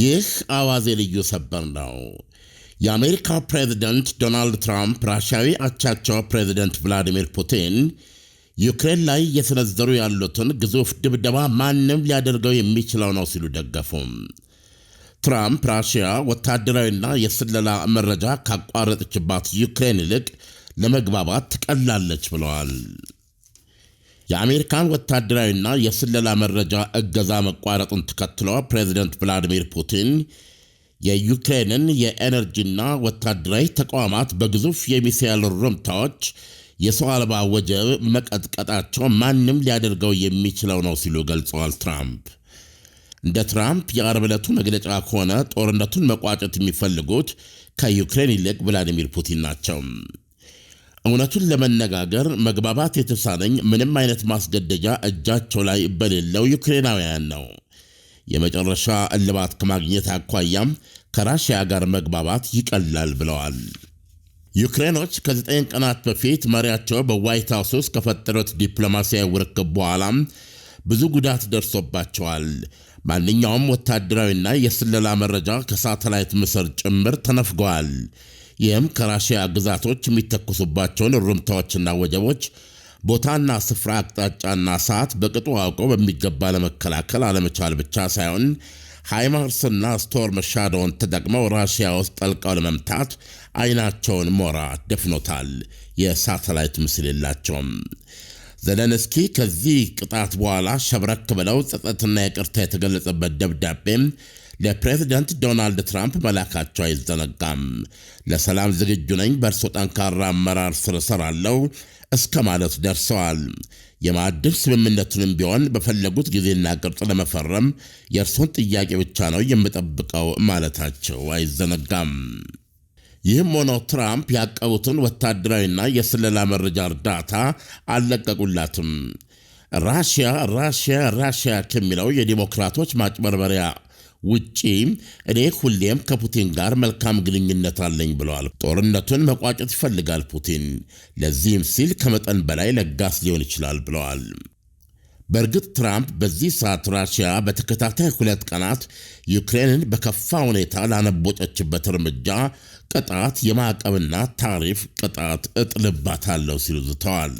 ይህ አዋዜ ልዩ ሰበር ነው። የአሜሪካ ፕሬዚደንት ዶናልድ ትራምፕ ራሽያዊ አቻቸው ፕሬዚደንት ቭላዲሚር ፑቲን ዩክሬን ላይ እየሰነዘሩ ያሉትን ግዙፍ ድብደባ ማንም ሊያደርገው የሚችለው ነው ሲሉ ደገፉ። ትራምፕ ራሽያ ወታደራዊና የስለላ መረጃ ካቋረጠችባት ዩክሬን ይልቅ ለመግባባት ትቀላለች ብለዋል። የአሜሪካን ወታደራዊና የስለላ መረጃ እገዛ መቋረጡን ተከትሎ ፕሬዚደንት ቭላዲሚር ፑቲን የዩክሬንን የኤነርጂና ወታደራዊ ተቋማት በግዙፍ የሚሳኤል ርምታዎች የሰው አልባ ወጀብ መቀጥቀጣቸው ማንም ሊያደርገው የሚችለው ነው ሲሉ ገልጸዋል። ትራምፕ እንደ ትራምፕ የአርብ ዕለቱ መግለጫ ከሆነ ጦርነቱን መቋጨት የሚፈልጉት ከዩክሬን ይልቅ ቭላዲሚር ፑቲን ናቸው። እውነቱን ለመነጋገር መግባባት የተሳነኝ ምንም አይነት ማስገደጃ እጃቸው ላይ በሌለው ዩክሬናውያን ነው። የመጨረሻ እልባት ከማግኘት አኳያም ከራሽያ ጋር መግባባት ይቀላል ብለዋል። ዩክሬኖች ከዘጠኝ ቀናት በፊት መሪያቸው በዋይት ሃውስ ውስጥ ከፈጠሩት ዲፕሎማሲያዊ ውርክብ በኋላም ብዙ ጉዳት ደርሶባቸዋል። ማንኛውም ወታደራዊና የስለላ መረጃ ከሳተላይት ምስር ጭምር ተነፍገዋል። ይህም ከራሽያ ግዛቶች የሚተኩሱባቸውን ሩምታዎችና ወጀቦች ቦታና ስፍራ፣ አቅጣጫና ሰዓት በቅጡ አውቆ በሚገባ ለመከላከል አለመቻል ብቻ ሳይሆን ሃይማርስና ስቶርም ሻዶውን ተጠቅመው ራሽያ ውስጥ ጠልቀው ለመምታት አይናቸውን ሞራ ደፍኖታል። የሳተላይት ምስል የላቸውም። ዘለንስኪ ከዚህ ቅጣት በኋላ ሸብረክ ብለው ጸጸትና ይቅርታ የተገለጸበት ደብዳቤም ለፕሬዚደንት ዶናልድ ትራምፕ መላካቸው አይዘነጋም። ለሰላም ዝግጁ ነኝ፣ በእርሶ ጠንካራ አመራር ስር እሰራለሁ እስከ ማለት ደርሰዋል። የማዕድን ስምምነቱንም ቢሆን በፈለጉት ጊዜና ቅርጽ ለመፈረም የእርሶን ጥያቄ ብቻ ነው የምጠብቀው ማለታቸው አይዘነጋም። ይህም ሆኖ ትራምፕ ያቀቡትን ወታደራዊና የስለላ መረጃ እርዳታ አልለቀቁላትም። ራሽያ ራሽያ ራሽያ ከሚለው የዲሞክራቶች ማጭበርበሪያ ውጪ እኔ ሁሌም ከፑቲን ጋር መልካም ግንኙነት አለኝ ብለዋል። ጦርነቱን መቋጨት ይፈልጋል ፑቲን። ለዚህም ሲል ከመጠን በላይ ለጋስ ሊሆን ይችላል ብለዋል። በእርግጥ ትራምፕ በዚህ ሰዓት ራሽያ በተከታታይ ሁለት ቀናት ዩክሬንን በከፋ ሁኔታ ላነቦጨችበት እርምጃ ቅጣት፣ የማዕቀብና ታሪፍ ቅጣት እጥልባታለሁ ሲሉ ዝተዋል።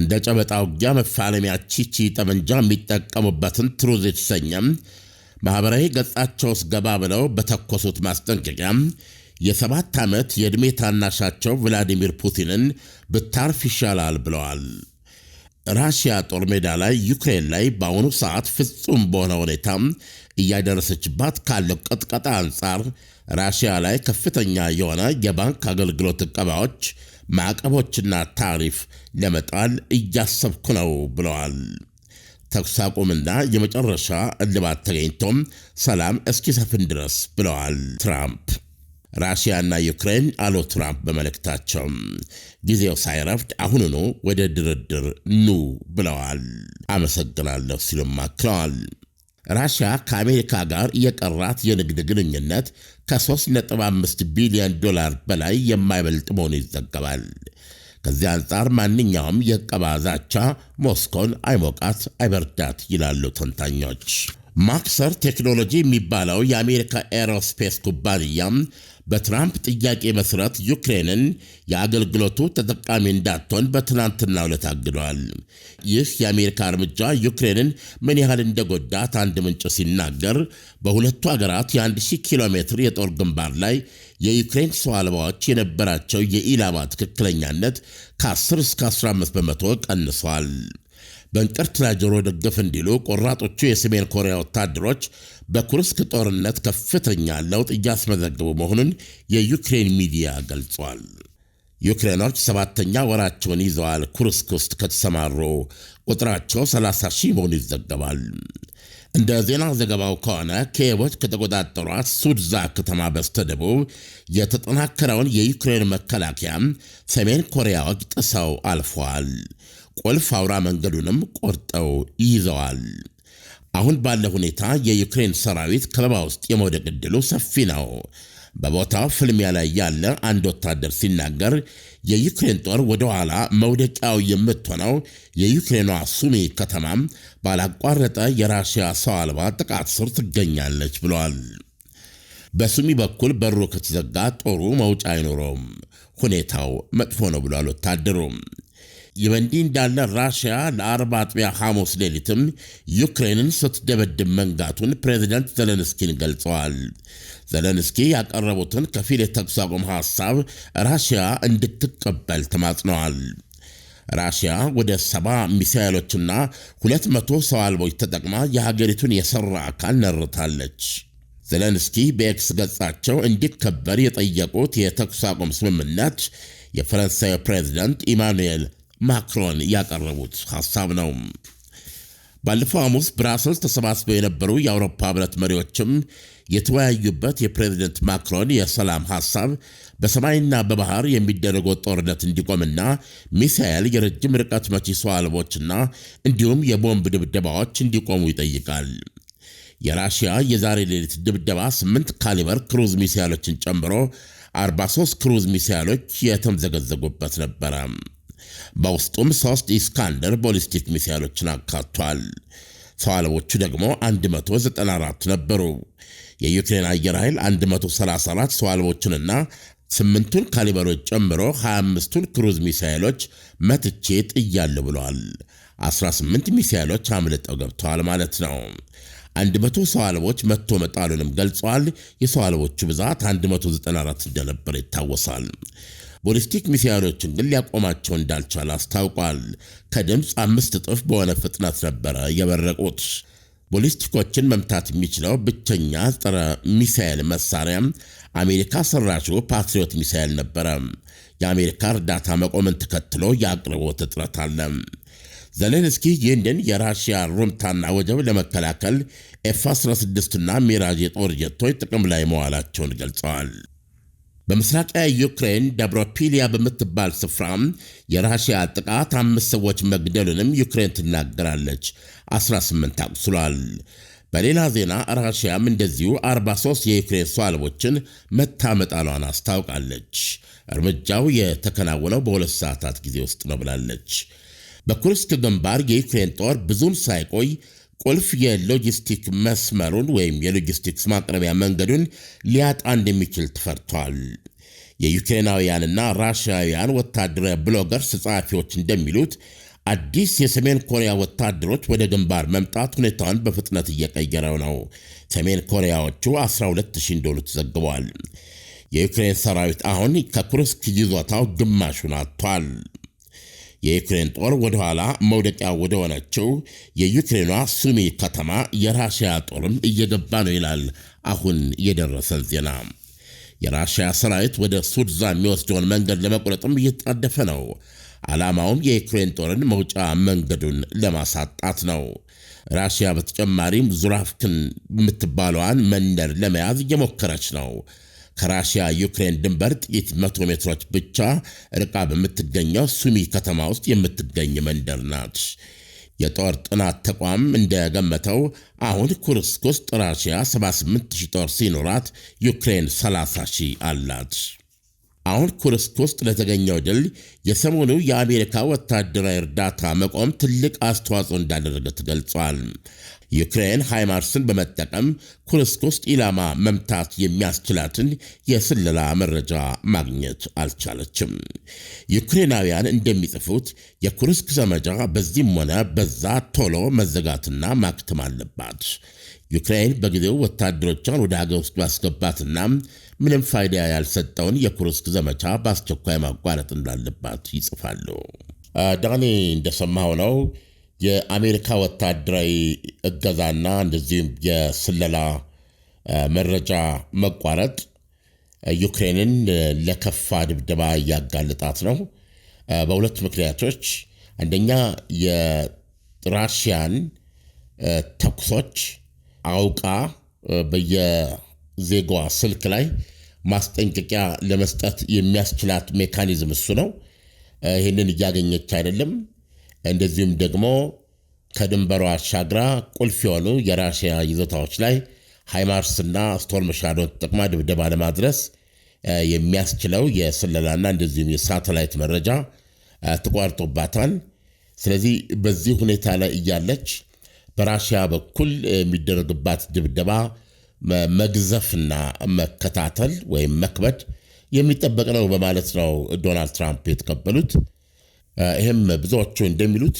እንደ ጨበጣ ውጊያ መፋለሚያ ቺቺ ጠመንጃ የሚጠቀሙበትን ትሩዝ የተሰኘም ማኅበራዊ ገጻቸው ውስጥ ገባ ብለው በተኮሱት ማስጠንቀቂያ የሰባት ዓመት የዕድሜ ታናሻቸው ቭላዲሚር ፑቲንን ብታርፍ ይሻላል ብለዋል። ራሽያ ጦር ሜዳ ላይ ዩክሬን ላይ በአሁኑ ሰዓት ፍጹም በሆነ ሁኔታ እያደረሰችባት ካለው ቅጥቀጣ አንጻር ራሽያ ላይ ከፍተኛ የሆነ የባንክ አገልግሎት እቀባዎች ማዕቀቦችና ታሪፍ ለመጣል እያሰብኩ ነው ብለዋል። ተኩስ አቁምና የመጨረሻ እልባት ተገኝቶም ሰላም እስኪሰፍን ድረስ ብለዋል ትራምፕ። ራሽያና ዩክሬን አሉ ትራምፕ በመልእክታቸው ጊዜው ሳይረፍድ አሁኑኑ ወደ ድርድር ኑ ብለዋል። አመሰግናለሁ ሲሉም አክለዋል። ራሽያ ከአሜሪካ ጋር የቀራት የንግድ ግንኙነት ከ3.5 ቢሊዮን ዶላር በላይ የማይበልጥ መሆኑ ይዘገባል። ከዚህ አንጻር ማንኛውም የቀባዛቻ ዛቻ ሞስኮን አይሞቃት አይበርዳት ይላሉ ተንታኞች። ማክሰር ቴክኖሎጂ የሚባለው የአሜሪካ ኤሮስፔስ ኩባንያ በትራምፕ ጥያቄ መሠረት ዩክሬንን የአገልግሎቱ ተጠቃሚ እንዳትሆን በትናንትና ዕለት አግደዋል። ይህ የአሜሪካ እርምጃ ዩክሬንን ምን ያህል እንደጎዳት አንድ ምንጭ ሲናገር በሁለቱ አገራት የ1000 ኪሎ ሜትር የጦር ግንባር ላይ የዩክሬን ሰው አልባዎች የነበራቸው የኢላማ ትክክለኛነት ከ10 እስከ 15 በመቶ ቀንሷል። በእንቅርትና ጆሮ ደግፍ እንዲሉ ቆራጦቹ የሰሜን ኮሪያ ወታደሮች በኩርስክ ጦርነት ከፍተኛ ለውጥ እያስመዘገቡ መሆኑን የዩክሬን ሚዲያ ገልጿል። ዩክሬኖች ሰባተኛ ወራቸውን ይዘዋል። ኩርስክ ውስጥ ከተሰማሩ ቁጥራቸው 30 ሺህ መሆኑ ይዘገባል። እንደ ዜና ዘገባው ከሆነ ኬቦች ከተቆጣጠሯት ሱድዛ ከተማ በስተደቡብ የተጠናከረውን የዩክሬን መከላከያ ሰሜን ኮሪያዎች ጥሰው አልፏል። ቁልፍ አውራ መንገዱንም ቆርጠው ይይዘዋል። አሁን ባለ ሁኔታ የዩክሬን ሰራዊት ከበባ ውስጥ የመውደቅ ዕድሉ ሰፊ ነው። በቦታው ፍልሚያ ላይ ያለ አንድ ወታደር ሲናገር የዩክሬን ጦር ወደ ኋላ መውደቂያው የምትሆነው የዩክሬኗ ሱሚ ከተማም ባላቋረጠ የራሽያ ሰው አልባ ጥቃት ስር ትገኛለች ብሏል። በሱሚ በኩል በሩ ከተዘጋ ጦሩ መውጫ አይኖረውም፣ ሁኔታው መጥፎ ነው ብሏል ወታደሩም። ይህ በእንዲህ እንዳለ ራሽያ ለአርብ አጥቢያ ሐሙስ ሌሊትም ዩክሬንን ስትደበድብ መንጋቱን ፕሬዚደንት ዘለንስኪን ገልጸዋል። ዘለንስኪ ያቀረቡትን ከፊል የተኩስ አቁም ሐሳብ ራሽያ እንድትቀበል ተማጽነዋል። ራሽያ ወደ ሰባ ሚሳይሎችና ሁለት መቶ ሰው አልቦች ተጠቅማ የሀገሪቱን የሰራ አካል ነርታለች። ዘለንስኪ በኤክስ ገጻቸው እንዲከበር የጠየቁት የተኩስ አቁም ስምምነት የፈረንሳዩ ፕሬዚደንት ኢማኑኤል ማክሮን ያቀረቡት ሀሳብ ነው። ባለፈው ሐሙስ ብራሰልስ ተሰባስበው የነበሩ የአውሮፓ ህብረት መሪዎችም የተወያዩበት የፕሬዚደንት ማክሮን የሰላም ሐሳብ በሰማይና በባህር የሚደረገው ጦርነት እንዲቆምና ሚሳኤል የረጅም ርቀት ሰው አልቦችና እንዲሁም የቦምብ ድብደባዎች እንዲቆሙ ይጠይቃል። የራሽያ የዛሬ ሌሊት ድብደባ 8 ካሊበር ክሩዝ ሚሳኤሎችን ጨምሮ 43 ክሩዝ ሚሳኤሎች የተምዘገዘጉበት ነበረ። በውስጡም ሶስት ኢስካንደር ቦሊስቲክ ሚሳይሎችን አካቷል። ሰው አልቦቹ ደግሞ 194 ነበሩ። የዩክሬን አየር ኃይል 134 ሰው አልቦችንና ስምንቱን ካሊበሮች ጨምሮ 25ቱን ክሩዝ ሚሳይሎች መትቼ ጥያለሁ ብለዋል። 18 ሚሳይሎች አምልጠው ገብተዋል ማለት ነው። 100 ሰው አልቦች መቶ መጣሉንም ገልጸዋል። የሰው አልቦቹ ብዛት 194 እንደነበረ ይታወሳል። ቦሊስቲክ ሚሳይሎችን ግን ሊያቆማቸው እንዳልቻለ አስታውቋል። ከድምፅ አምስት እጥፍ በሆነ ፍጥነት ነበረ የበረቁት። ቦሊስቲኮችን መምታት የሚችለው ብቸኛ ጸረ ሚሳኤል መሳሪያ አሜሪካ ሰራሹ ፓትሪዮት ሚሳኤል ነበረ። የአሜሪካ እርዳታ መቆምን ተከትሎ የአቅርቦት እጥረት አለ። ዘሌንስኪ ይህንን የራሽያ ሩምታና ወጀብ ለመከላከል ኤፍ 16ና ሚራዥ የጦር ጀቶች ጥቅም ላይ መዋላቸውን ገልጸዋል። በምስራቃዊ ዩክሬን ደብሮፒሊያ በምትባል ስፍራ የራሽያ ጥቃት አምስት ሰዎች መግደሉንም ዩክሬን ትናገራለች፣ 18 አቁስሏል። በሌላ ዜና ራሽያም እንደዚሁ 43 የዩክሬን ሰዋልቦችን መታመጣሏን አስታውቃለች። እርምጃው የተከናወነው በሁለት ሰዓታት ጊዜ ውስጥ ነው ብላለች። በኩርስክ ግንባር የዩክሬን ጦር ብዙም ሳይቆይ ቁልፍ የሎጂስቲክ መስመሩን ወይም የሎጂስቲክስ ማቅረቢያ መንገዱን ሊያጣ እንደሚችል ተፈርቷል። የዩክሬናውያንና ራሽያውያን ወታደራዊ ብሎገርስ ጸሐፊዎች እንደሚሉት አዲስ የሰሜን ኮሪያ ወታደሮች ወደ ግንባር መምጣት ሁኔታውን በፍጥነት እየቀየረው ነው። ሰሜን ኮሪያዎቹ 12000 እንደሆኑ ተዘግበዋል። የዩክሬን ሰራዊት አሁን ከኩርስክ ይዞታው ግማሹን አጥቷል። የዩክሬን ጦር ወደ ኋላ መውደቂያ ወደሆነችው የዩክሬኗ ሱሚ ከተማ የራሽያ ጦርም እየገባ ነው ይላል አሁን የደረሰን ዜና። የራሽያ ሰራዊት ወደ ሱድዛ የሚወስደውን መንገድ ለመቁረጥም እየተጣደፈ ነው። ዓላማውም የዩክሬን ጦርን መውጫ መንገዱን ለማሳጣት ነው። ራሽያ በተጨማሪም ዙራፍክን የምትባለዋን መንደር ለመያዝ እየሞከረች ነው። ከራሽያ ዩክሬን ድንበር ጥቂት መቶ ሜትሮች ብቻ ርቃ በምትገኘው ሱሚ ከተማ ውስጥ የምትገኝ መንደር ናት። የጦር ጥናት ተቋም እንደገመተው አሁን ኩርስክ ውስጥ ራሽያ 78000 ጦር ሲኖራት ዩክሬን 30000 አላት። አሁን ኩርስክ ውስጥ ለተገኘው ድል የሰሞኑ የአሜሪካ ወታደራዊ እርዳታ መቆም ትልቅ አስተዋጽኦ እንዳደረገ ተገልጿል። ዩክሬን ሃይማርስን በመጠቀም ኩርስክ ውስጥ ኢላማ መምታት የሚያስችላትን የስለላ መረጃ ማግኘት አልቻለችም። ዩክሬናውያን እንደሚጽፉት የኩርስክ ዘመቻ በዚህም ሆነ በዛ ቶሎ መዘጋትና ማክተም አለባት። ዩክሬን በጊዜው ወታደሮቿን ወደ ሀገር ውስጥ ማስገባትና ምንም ፋይዳ ያልሰጠውን የኩርስክ ዘመቻ በአስቸኳይ ማቋረጥ እንዳለባት ይጽፋሉ። ዳኔ እንደሰማው ነው። የአሜሪካ ወታደራዊ እገዛና እንደዚሁም የስለላ መረጃ መቋረጥ ዩክሬንን ለከፋ ድብደባ እያጋለጣት ነው። በሁለት ምክንያቶች፣ አንደኛ የራሽያን ተኩሶች አውቃ በየዜጋዋ ስልክ ላይ ማስጠንቀቂያ ለመስጠት የሚያስችላት ሜካኒዝም እሱ ነው። ይህንን እያገኘች አይደለም። እንደዚሁም ደግሞ ከድንበሯ አሻግራ ቁልፍ የሆኑ የራሽያ ይዞታዎች ላይ ሃይማርስና ስቶርም ሻዶን ተጠቅማ ድብደባ ለማድረስ የሚያስችለው የስለላና እንደዚሁም የሳተላይት መረጃ ተቋርጦባታል። ስለዚህ በዚህ ሁኔታ ላይ እያለች በራሽያ በኩል የሚደረግባት ድብደባ መግዘፍና መከታተል ወይም መክበድ የሚጠበቅ ነው በማለት ነው ዶናልድ ትራምፕ የተቀበሉት። ይህም ብዙዎቹ እንደሚሉት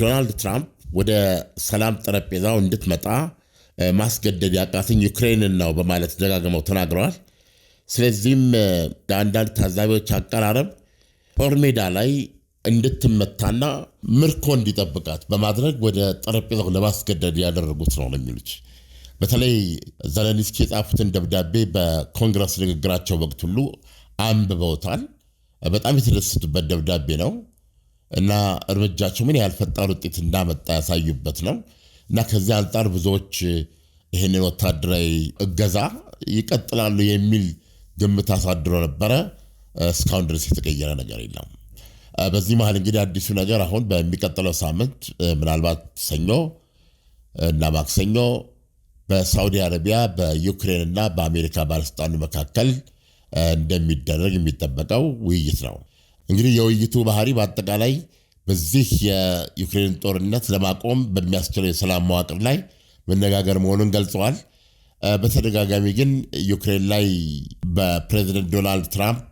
ዶናልድ ትራምፕ ወደ ሰላም ጠረጴዛው እንድትመጣ ማስገደድ ያቃትኝ ዩክሬንን ነው በማለት ደጋግመው ተናግረዋል። ስለዚህም ለአንዳንድ ታዛቢዎች አቀራረብ ጦር ሜዳ ላይ እንድትመታና ምርኮ እንዲጠብቃት በማድረግ ወደ ጠረጴዛው ለማስገደድ ያደረጉት ነው ነው የሚሉት በተለይ ዘለንስኪ የጻፉትን ደብዳቤ በኮንግረስ ንግግራቸው ወቅት ሁሉ አንብበውታል። በጣም የተደሰቱበት ደብዳቤ ነው እና እርምጃቸው ምን ያህል ፈጣን ውጤት እንዳመጣ ያሳዩበት ነው እና ከዚህ አንጻር ብዙዎች ይህንን ወታደራዊ እገዛ ይቀጥላሉ የሚል ግምት አሳድሮ ነበረ። እስካሁን ድረስ የተቀየረ ነገር የለም። በዚህ መሀል እንግዲህ አዲሱ ነገር አሁን በሚቀጥለው ሳምንት ምናልባት ሰኞ እና ማክሰኞ በሳውዲ አረቢያ እና በአሜሪካ ባለስልጣኑ መካከል እንደሚደረግ የሚጠበቀው ውይይት ነው። እንግዲህ የውይይቱ ባህሪ በአጠቃላይ በዚህ የዩክሬን ጦርነት ለማቆም በሚያስችለው የሰላም መዋቅር ላይ መነጋገር መሆኑን ገልጸዋል። በተደጋጋሚ ግን ዩክሬን ላይ በፕሬዚደንት ዶናልድ ትራምፕ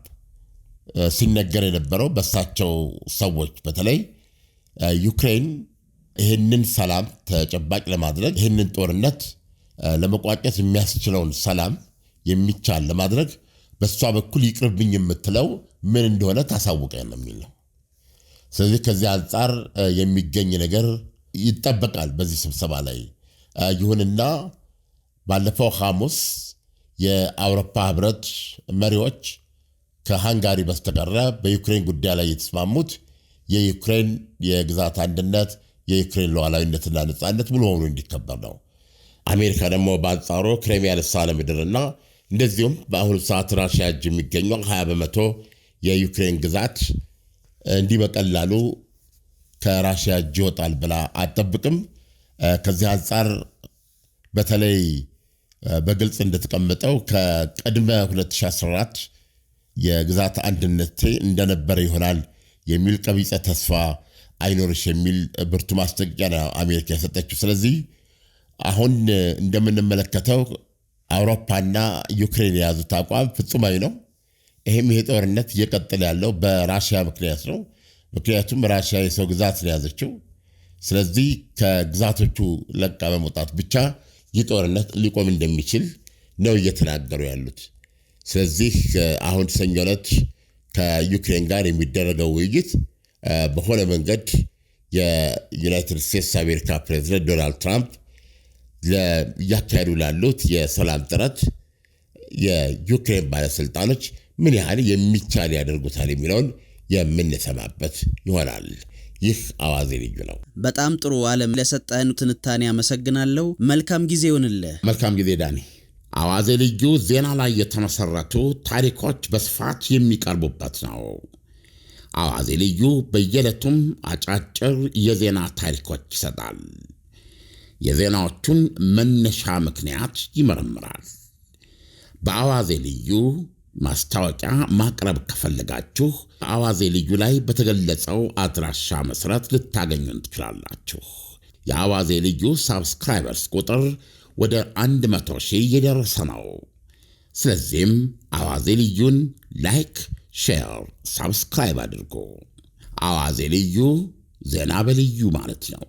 ሲነገር የነበረው በሳቸው ሰዎች በተለይ ዩክሬን ይህንን ሰላም ተጨባጭ ለማድረግ ይህንን ጦርነት ለመቋጨት የሚያስችለውን ሰላም የሚቻል ለማድረግ በእሷ በኩል ይቅርብኝ የምትለው ምን እንደሆነ ታሳውቀን የሚል ነው። ስለዚህ ከዚህ አንጻር የሚገኝ ነገር ይጠበቃል በዚህ ስብሰባ ላይ። ይሁንና ባለፈው ሐሙስ የአውሮፓ ህብረት መሪዎች ከሃንጋሪ በስተቀረ በዩክሬን ጉዳይ ላይ የተስማሙት የዩክሬን የግዛት አንድነት፣ የዩክሬን ሉዓላዊነትና ነፃነት ሙሉ በሙሉ እንዲከበር ነው። አሜሪካ ደግሞ በአንጻሩ ክሬሚያ ልሳነ ምድርና እንደዚሁም በአሁኑ ሰዓት ራሽያ እጅ የሚገኘው 20 በመቶ የዩክሬን ግዛት እንዲህ በቀላሉ ከራሽያ እጅ ይወጣል ብላ አጠብቅም። ከዚህ አንጻር በተለይ በግልጽ እንደተቀመጠው ከቅድመ 2014 የግዛት አንድነቴ እንደነበረ ይሆናል የሚል ቀቢጸ ተስፋ አይኖርሽ የሚል ብርቱ ማስጠንቀቂያ አሜሪካ የሰጠችው። ስለዚህ አሁን እንደምንመለከተው አውሮፓና ዩክሬን የያዙት አቋም ፍጹማዊ ነው። ይህም ይህ ጦርነት እየቀጠለ ያለው በራሽያ ምክንያት ነው። ምክንያቱም ራሽያ የሰው ግዛት ነው የያዘችው። ስለዚህ ከግዛቶቹ ለቃ በመውጣት ብቻ ይህ ጦርነት ሊቆም እንደሚችል ነው እየተናገሩ ያሉት። ስለዚህ አሁን ሰኞ ዕለት ከዩክሬን ጋር የሚደረገው ውይይት በሆነ መንገድ የዩናይትድ ስቴትስ አሜሪካ ፕሬዚደንት ዶናልድ ትራምፕ እያካሄዱ ላሉት የሰላም ጥረት የዩክሬን ባለስልጣኖች ምን ያህል የሚቻል ያደርጉታል የሚለውን የምንሰማበት ይሆናል። ይህ አዋዜ ልዩ ነው። በጣም ጥሩ አለም፣ ለሰጠህን ትንታኔ አመሰግናለሁ። መልካም ጊዜ ይሁንልህ። መልካም ጊዜ ዳኒ። አዋዜ ልዩ ዜና ላይ የተመሰረቱ ታሪኮች በስፋት የሚቀርቡበት ነው። አዋዜ ልዩ በየዕለቱም አጫጭር የዜና ታሪኮች ይሰጣል። የዜናዎቹን መነሻ ምክንያት ይመረምራል። በአዋዜ ልዩ ማስታወቂያ ማቅረብ ከፈለጋችሁ አዋዜ ልዩ ላይ በተገለጸው አድራሻ መሠረት ልታገኙን ትችላላችሁ። የአዋዜ ልዩ ሳብስክራይበርስ ቁጥር ወደ 100 ሺህ የደረሰ ነው። ስለዚህም አዋዜ ልዩን ላይክ፣ ሼር፣ ሳብስክራይብ አድርጎ አዋዜ ልዩ ዜና በልዩ ማለት ነው።